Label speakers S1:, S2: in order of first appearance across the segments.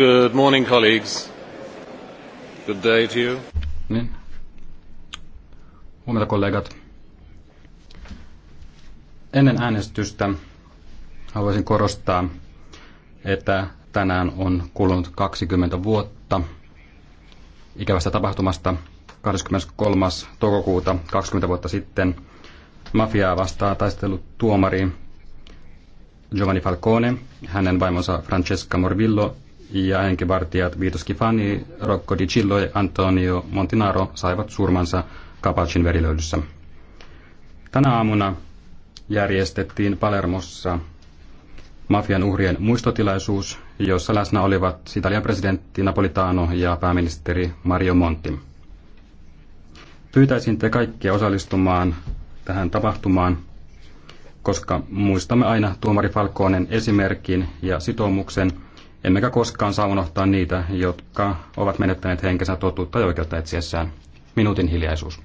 S1: Good morning, colleagues. Good day to you. Niin. Huomenta kollegat. Ennen äänestystä haluaisin korostaa, että tänään on kulunut 20 vuotta ikävästä tapahtumasta 23. toukokuuta 20 vuotta sitten mafiaa vastaan taistellut tuomari Giovanni Falcone, hänen vaimonsa Francesca Morvillo ja henkivartijat Vito Schifani, Rocco Di Cillo ja Antonio Montinaro saivat surmansa Kapalcin verilöydyssä. Tänä aamuna järjestettiin Palermossa mafian uhrien muistotilaisuus, jossa läsnä olivat Italian presidentti Napolitano ja pääministeri Mario Monti. Pyytäisin te kaikkia osallistumaan tähän tapahtumaan, koska muistamme aina tuomari Falkoonen esimerkin ja sitoumuksen – Emmekä koskaan saa unohtaa niitä, jotka ovat menettäneet henkensä totuutta ja oikeutta etsiessään. Minuutin hiljaisuus.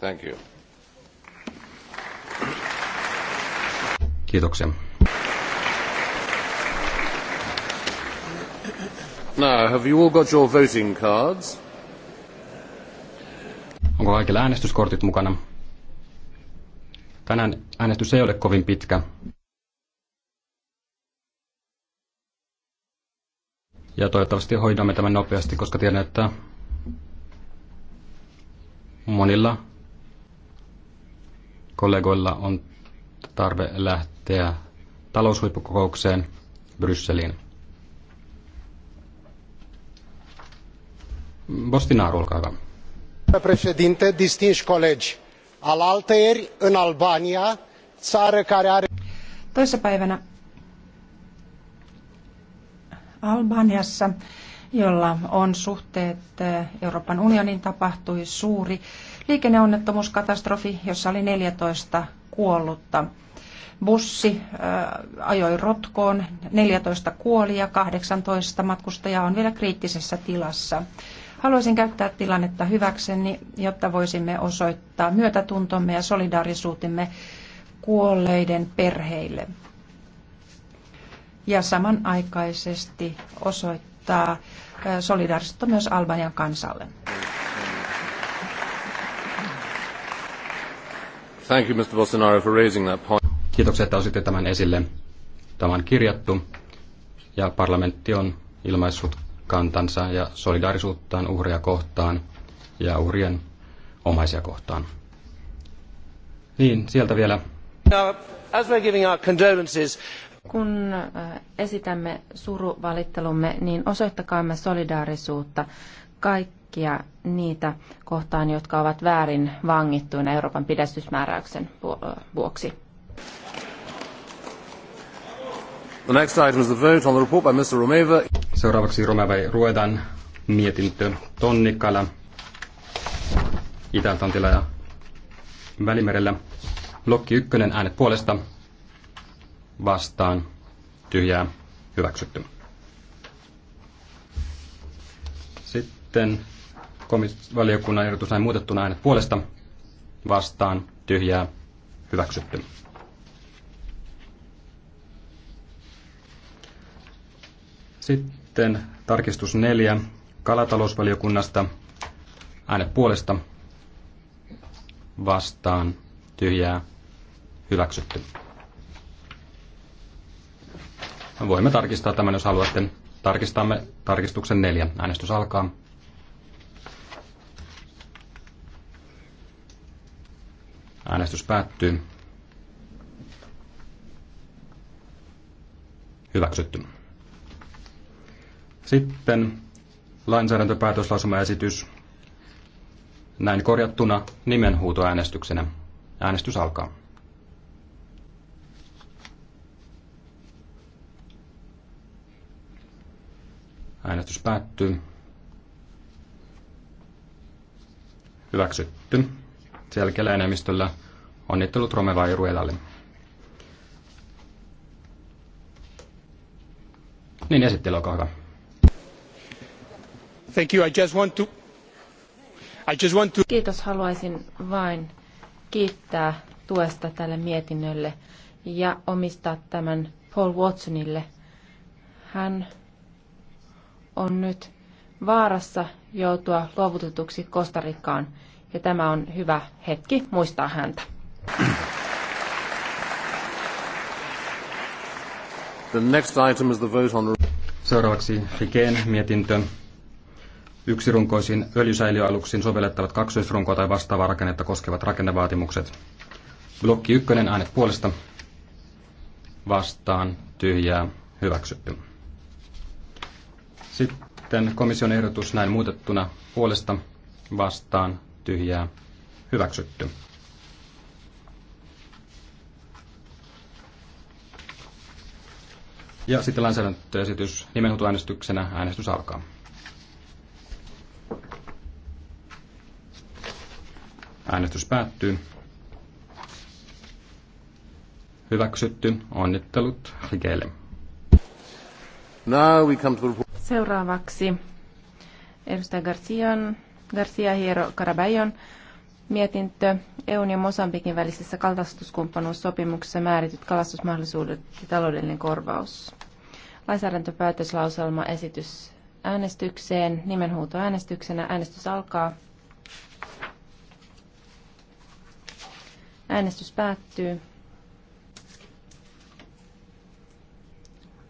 S1: Thank you. Kiitoksia. Onko kaikilla äänestyskortit mukana? Tänään äänestys ei ole kovin pitkä. Ja toivottavasti hoidamme tämän nopeasti, koska tiedän, että monilla kollegoilla on tarve lähteä taloushuippukokoukseen Brysseliin. domnule Președinte, distinși colegi,
S2: alaltăieri în Albania, țară care are... Toissapäivänä Albaniassa, jolla on suhteet eh, Euroopan unioniin tapahtui suuri liikenneonnettomuuskatastrofi, jossa oli neljätoista kuollutta. Bussi eh, ajoi rotkoon, neljätoista kuoli ja kahdeksantoista matkustajaa on vielä kriittisessä tilassa. Haluaisin käyttää tilannetta hyväkseni, jotta voisimme osoittaa myötätuntomme ja solidaarisuutemme kuolleiden perheille ja samanaikaisesti osoittaa solidaarisuutta myös Albanian kansalle.
S1: Thank you, Mr. Bolsonaro, for raising that point. Kiitoksia, että otitte tämän esille. Tämä on kirjattu ja parlamentti on ilmaissut kantansa ja solidaarisuuttaan uhreja kohtaan ja uhrien omaisia kohtaan. Niin, sieltä vielä.
S3: Now, as we're giving our condolences, kun äh, esitämme suruvalittelumme, niin osoittakaamme solidaarisuutta kaikkia niitä kohtaan, jotka ovat väärin vangittuina Euroopan pidästysmääräyksen äh, vuoksi.
S1: The next item is the vote on the report by Mr. Romeva. Seuraavaksi Romevei Ruedan mietintö Tonnikala Itä-Atlantilla ja Välimerellä. Blokki ykkönen äänet puolesta vastaan tyhjää hyväksytty. Sitten valiokunnan ehdotus näin muutettuna äänet puolesta vastaan tyhjää hyväksytty. Sitten sitten tarkistus neljä kalatalousvaliokunnasta. Äänet puolesta vastaan tyhjää hyväksytty. Voimme tarkistaa tämän, jos haluatte. Tarkistamme tarkistuksen neljä. Äänestys alkaa. Äänestys päättyy. Hyväksytty. Sitten lainsäädäntöpäätöslausumaesitys näin korjattuna nimenhuutoäänestyksenä. Äänestys alkaa. Äänestys päättyy. Hyväksytty. Selkeällä enemmistöllä onnittelut Romeva Iruelalle. Niin esittely, olkaa hyvä.
S3: Kiitos, haluaisin vain kiittää tuesta tälle mietinnölle ja omistaa tämän Paul Watsonille. Hän on nyt vaarassa joutua luovutetuksi Kostarikkaan ja tämä on hyvä hetki muistaa häntä.
S1: The next item is the vote on... Seuraavaksi Rikeen mietintö yksirunkoisiin öljysäiliöaluksiin sovellettavat kaksoisrunkoa tai vastaavaa rakennetta koskevat rakennevaatimukset. Blokki 1 äänet puolesta vastaan tyhjää hyväksytty. Sitten komission ehdotus näin muutettuna puolesta vastaan tyhjää hyväksytty. Ja sitten lainsäädäntöesitys nimenhuutoäänestyksenä äänestys alkaa. Äänestys päättyy. Hyväksytty. Onnittelut Rikeille.
S3: Seuraavaksi edustaja Garcian, Garcia Hiero Carabayon mietintö EUn ja Mosambikin välisessä kalastuskumppanuussopimuksessa määrityt kalastusmahdollisuudet ja taloudellinen korvaus. Lainsäädäntöpäätöslauselma esitys äänestykseen, nimenhuuto äänestyksenä Äänestys alkaa. Äänestys päättyy.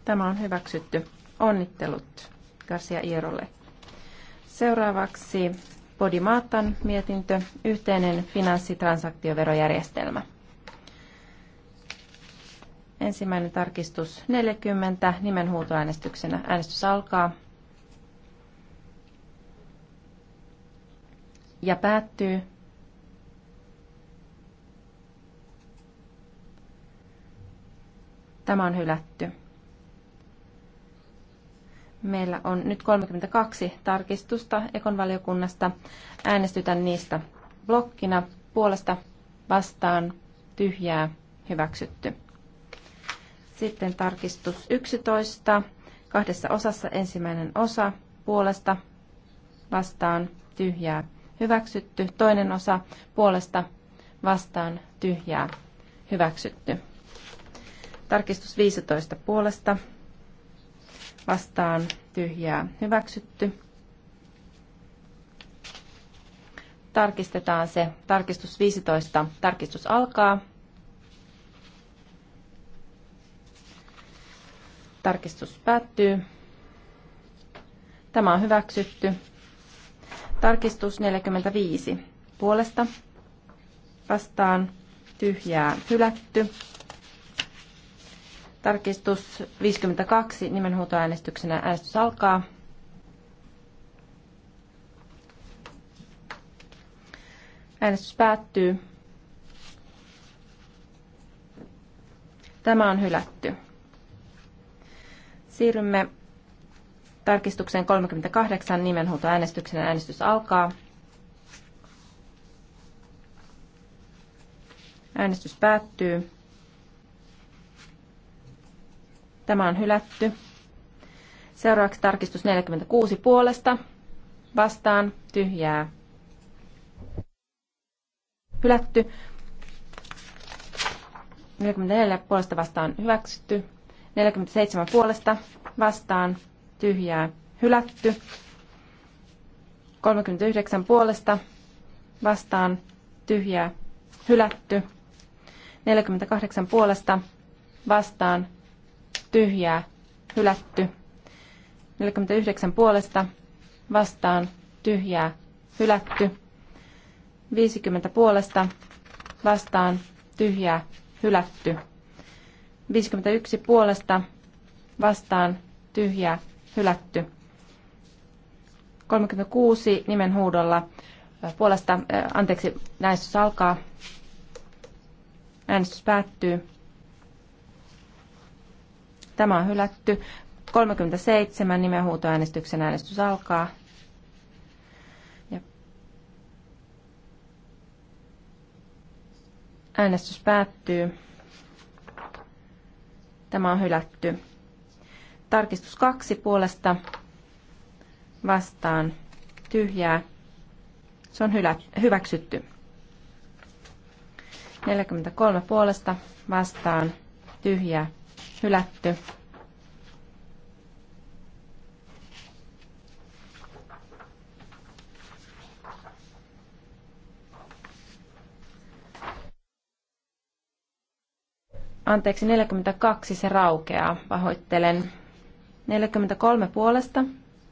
S3: Tämä on hyväksytty. Onnittelut Garcia Ierolle. Seuraavaksi Podimaatan mietintö, yhteinen finanssitransaktioverojärjestelmä. Ensimmäinen tarkistus 40 nimenhuutoäänestyksenä. Äänestys alkaa. Ja päättyy. Tämä on hylätty. Meillä on nyt 32 tarkistusta Ekon valiokunnasta. Äänestytän niistä blokkina puolesta vastaan tyhjää hyväksytty. Sitten tarkistus 11. Kahdessa osassa ensimmäinen osa puolesta vastaan tyhjää hyväksytty. Toinen osa puolesta vastaan tyhjää hyväksytty. Tarkistus 15 puolesta vastaan tyhjää hyväksytty. Tarkistetaan se. Tarkistus 15. Tarkistus alkaa. Tarkistus päättyy. Tämä on hyväksytty. Tarkistus 45. Puolesta vastaan tyhjää hylätty. Tarkistus 52 nimenhuutoäänestyksenä äänestys alkaa. Äänestys päättyy. Tämä on hylätty. Siirrymme tarkistukseen 38 nimenhuutoäänestyksenä äänestys alkaa. Äänestys päättyy. Tämä on hylätty. Seuraavaksi tarkistus 46 puolesta. Vastaan. Tyhjää. Hylätty. 44 puolesta vastaan hyväksytty. 47 puolesta vastaan tyhjää hylätty. 39 puolesta vastaan tyhjää hylätty. 48 puolesta vastaan tyhjää, hylätty. 49 puolesta vastaan tyhjää, hylätty. 50 puolesta vastaan tyhjää, hylätty. 51 puolesta vastaan tyhjää, hylätty. 36 nimen huudolla äh, puolesta, äh, anteeksi, näistys alkaa. Äänestys päättyy. Tämä on hylätty. 37 nimenhuutoäänestyksen äänestys alkaa. Ja äänestys päättyy. Tämä on hylätty. Tarkistus kaksi puolesta vastaan tyhjää. Se on hylä, hyväksytty. 43 puolesta vastaan tyhjää Hylätty. Anteeksi, 42 se raukeaa, pahoittelen. 43 puolesta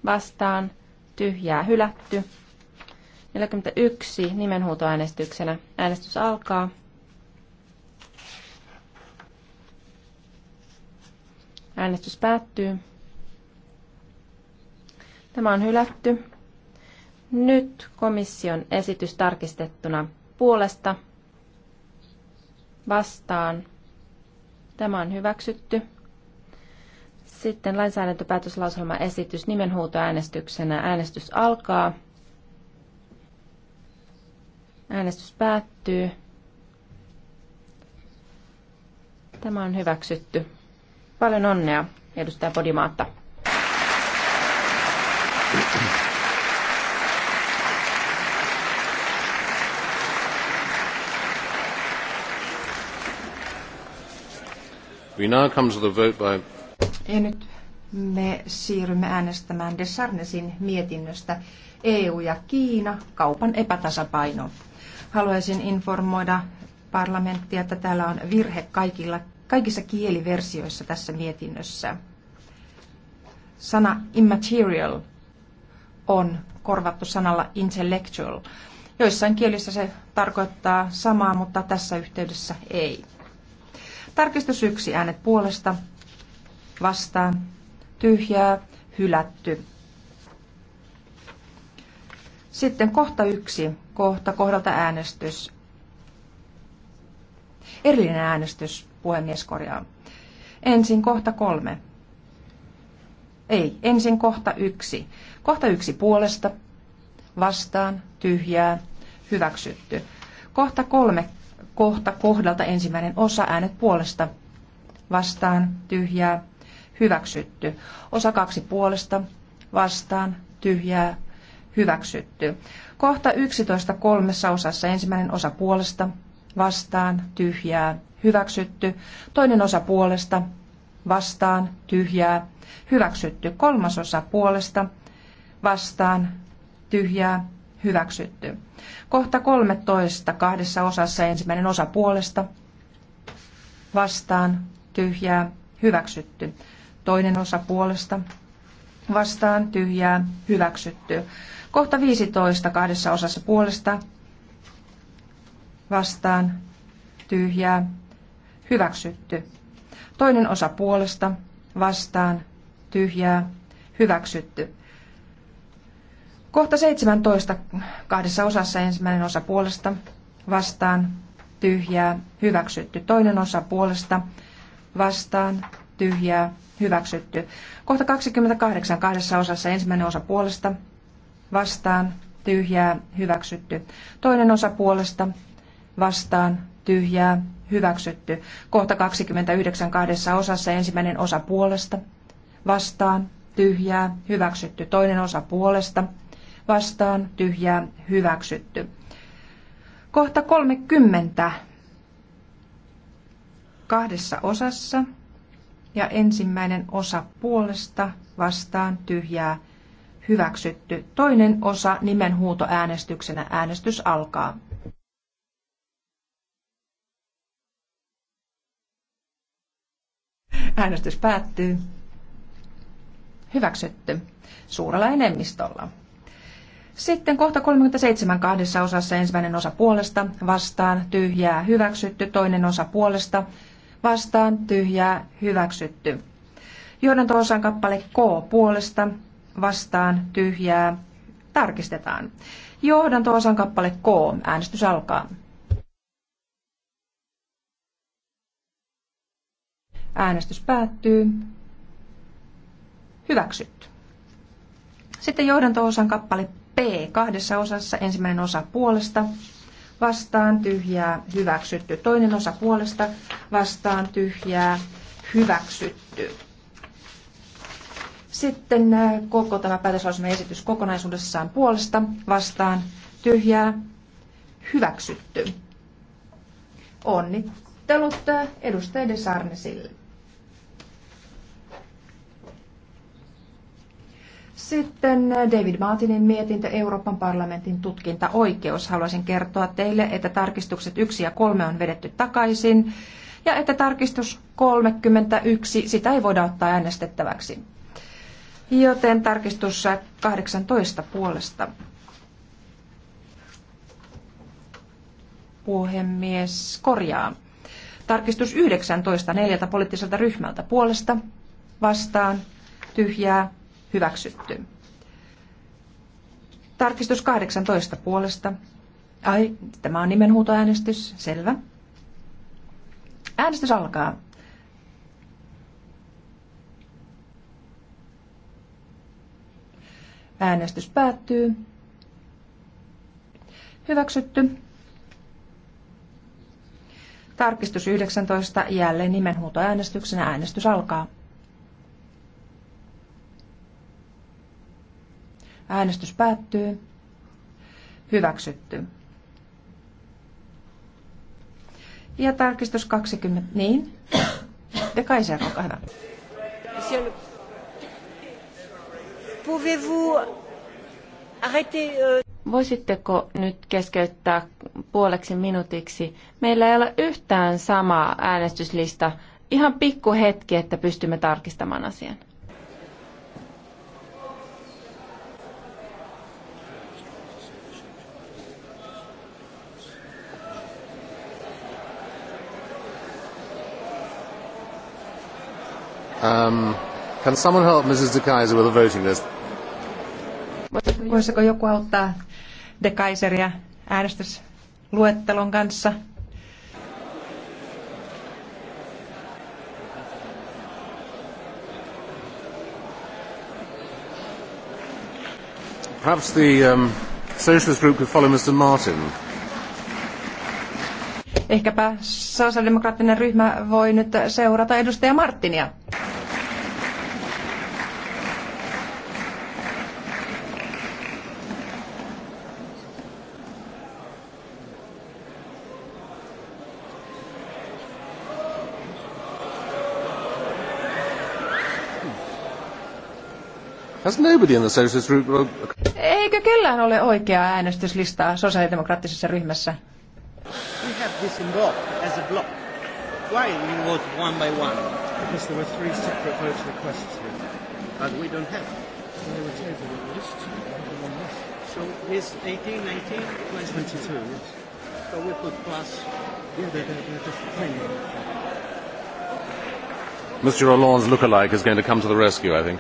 S3: vastaan, tyhjää hylätty. 41 nimenhuutoäänestyksenä. Äänestys alkaa. Äänestys päättyy. Tämä on hylätty. Nyt komission esitys tarkistettuna puolesta vastaan. Tämä on hyväksytty. Sitten lainsäädäntöpäätöslauselma esitys nimenhuutoäänestyksenä. Äänestys alkaa. Äänestys päättyy. Tämä on hyväksytty. Paljon onnea, edustaja Podimaatta.
S1: We now come to the vote by...
S2: Ja nyt me siirrymme äänestämään Desarnesin mietinnöstä EU ja Kiina, kaupan epätasapaino. Haluaisin informoida parlamenttia, että täällä on virhe kaikilla kaikissa kieliversioissa tässä mietinnössä. Sana immaterial on korvattu sanalla intellectual. Joissain kielissä se tarkoittaa samaa, mutta tässä yhteydessä ei. Tarkistus yksi äänet puolesta, vastaan, tyhjää, hylätty. Sitten kohta yksi, kohta kohdalta äänestys. Erillinen äänestys puhemies korjaa. Ensin kohta kolme. Ei, ensin kohta yksi. Kohta yksi puolesta, vastaan, tyhjää, hyväksytty. Kohta kolme, kohta kohdalta ensimmäinen osa, äänet puolesta, vastaan, tyhjää, hyväksytty. Osa kaksi puolesta, vastaan, tyhjää, hyväksytty. Kohta 11 kolmessa osassa ensimmäinen osa puolesta, vastaan, tyhjää, hyväksytty. Toinen osa puolesta, vastaan, tyhjää, hyväksytty. Kolmas osa puolesta, vastaan, tyhjää, hyväksytty. Kohta 13 kahdessa osassa ensimmäinen osa puolesta, vastaan, tyhjää, hyväksytty. Toinen osa puolesta, vastaan, tyhjää, hyväksytty. Kohta 15 kahdessa osassa puolesta, vastaan, tyhjää, hyväksytty. Toinen osa puolesta, vastaan, tyhjää, hyväksytty. Kohta 17 kahdessa osassa ensimmäinen osa puolesta, vastaan, tyhjää, hyväksytty. Toinen osa puolesta, vastaan, tyhjää, hyväksytty. Kohta 28 kahdessa osassa ensimmäinen osa puolesta, vastaan, tyhjää, hyväksytty. Toinen osa puolesta, vastaan tyhjää hyväksytty. Kohta 29 kahdessa osassa ensimmäinen osa puolesta vastaan tyhjää hyväksytty. Toinen osa puolesta vastaan tyhjää hyväksytty. Kohta 30 kahdessa osassa ja ensimmäinen osa puolesta vastaan tyhjää hyväksytty. Toinen osa nimenhuutoäänestyksenä äänestys alkaa. Äänestys päättyy. Hyväksytty. Suurella enemmistöllä. Sitten kohta 37 kahdessa osassa ensimmäinen osa puolesta, vastaan, tyhjää, hyväksytty, toinen osa puolesta, vastaan, tyhjää, hyväksytty. Johdanto-osan kappale K puolesta, vastaan, tyhjää, tarkistetaan. Johdanto-osan kappale K, äänestys alkaa. Äänestys päättyy. Hyväksytty. Sitten johdanto-osan kappale P kahdessa osassa. Ensimmäinen osa puolesta vastaan tyhjää hyväksytty. Toinen osa puolesta vastaan tyhjää hyväksytty. Sitten äh, koko tämä esitys kokonaisuudessaan puolesta vastaan tyhjää hyväksytty. Onnittelut äh, edustaja Desarnesille. Sitten äh, David Martinin mietintö Euroopan parlamentin tutkintaoikeus. Haluaisin kertoa teille, että tarkistukset 1 ja 3 on vedetty takaisin ja että tarkistus 31, sitä ei voida ottaa äänestettäväksi. Joten tarkistus 18 puolesta. Puhemies korjaa. Tarkistus 19 neljältä poliittiselta ryhmältä puolesta vastaan tyhjää hyväksytty. Tarkistus 18 puolesta. Ai, tämä on nimenhuutoäänestys, selvä. Äänestys alkaa. Äänestys päättyy. Hyväksytty. Tarkistus 19. Jälleen nimenhuutoäänestyksenä äänestys alkaa. Äänestys päättyy. Hyväksytty. Ja tarkistus 20. Niin. De kai se hyvä.
S3: Euh- Voisitteko nyt keskeyttää puoleksi minuutiksi? Meillä ei ole yhtään sama äänestyslista. Ihan pikku hetki, että pystymme tarkistamaan asian.
S1: Um, can someone help Mrs. De Kaiser with a voting list?
S2: Voisiko joku auttaa De Kaiseria äänestysluettelon kanssa?
S1: Perhaps the um, socialist group could follow Mr. Martin.
S2: Ehkäpä sosiaalidemokraattinen ryhmä voi nyt seurata edustaja Martinia.
S1: Has nobody in the socialist group...
S2: Eikö kellään ole oikeaa äänestyslistaa sosiaalidemokraattisessa ryhmässä?
S3: We have this in block, as a block. Why we vote one by one? Because there were three separate vote requests here. But we don't have. So they were tabled on the list. So he's 18, 19, 20. 22, yes. So we put plus.
S2: Yeah, they're, they're different thing.
S1: Mr. Hollande's look-alike is going to come to the rescue, I think.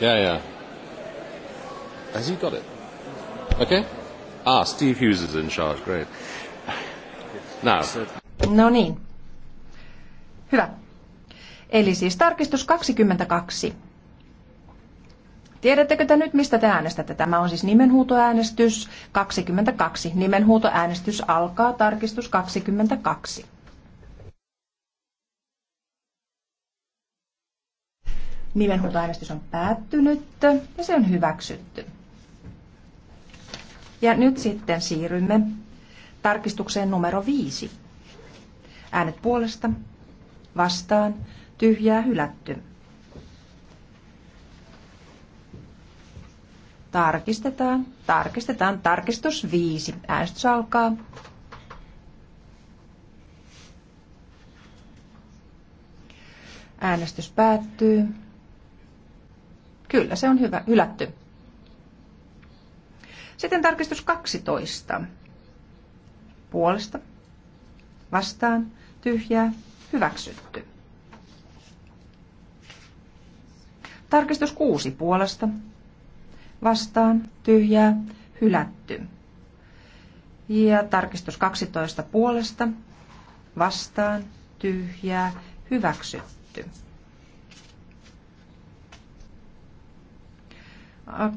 S1: Yeah, yeah. Has he got it? Okay. Ah, Steve Hughes is in charge. Great. Now.
S2: No niin. Hyvä. Eli siis tarkistus 22. Tiedättekö te nyt, mistä te äänestätte? Tämä on siis nimenhuutoäänestys 22. Nimenhuutoäänestys alkaa tarkistus 22. Nimenhuutoäänestys on päättynyt ja se on hyväksytty. Ja nyt sitten siirrymme tarkistukseen numero viisi. Äänet puolesta, vastaan, tyhjää hylätty. Tarkistetaan, tarkistetaan, tarkistus viisi. Äänestys alkaa. Äänestys päättyy. Kyllä, se on hyvä, hylätty. Sitten tarkistus 12. Puolesta, vastaan, tyhjää, hyväksytty. Tarkistus 6 puolesta, vastaan, tyhjää, hylätty. Ja tarkistus 12 puolesta, vastaan, tyhjää, hyväksytty.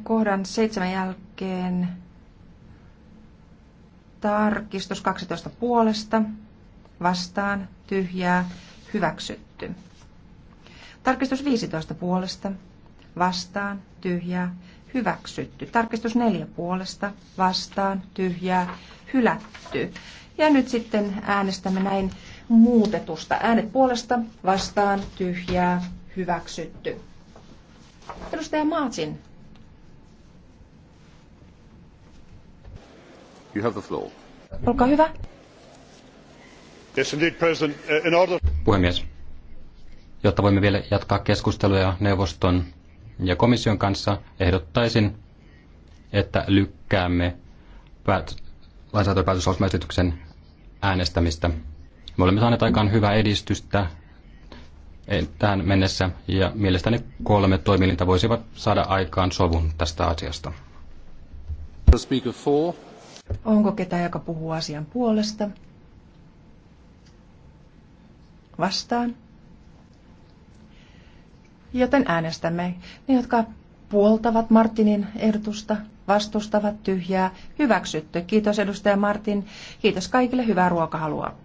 S2: kohdan seitsemän jälkeen tarkistus 12 puolesta, vastaan, tyhjää, hyväksytty. Tarkistus 15 puolesta, vastaan, tyhjää, hyväksytty. Tarkistus 4 puolesta, vastaan, tyhjää, hylätty. Ja nyt sitten äänestämme näin muutetusta. Äänet puolesta, vastaan, tyhjää, hyväksytty. Edustaja Maatsin You hyvä.
S3: Uh,
S1: Puhemies, jotta voimme vielä jatkaa keskusteluja neuvoston ja komission kanssa, ehdottaisin, että lykkäämme päät- äänestämistä. Me olemme saaneet aikaan hyvää edistystä eh, tähän mennessä ja mielestäni kolme toimielintä voisivat saada aikaan sovun tästä asiasta.
S3: Speaker four.
S2: Onko ketään, joka puhuu asian puolesta? Vastaan. Joten äänestämme ne, jotka puoltavat Martinin ehdotusta, vastustavat tyhjää, hyväksytty. Kiitos edustaja Martin, kiitos kaikille, hyvää ruokahalua.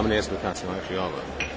S1: How many explications actually are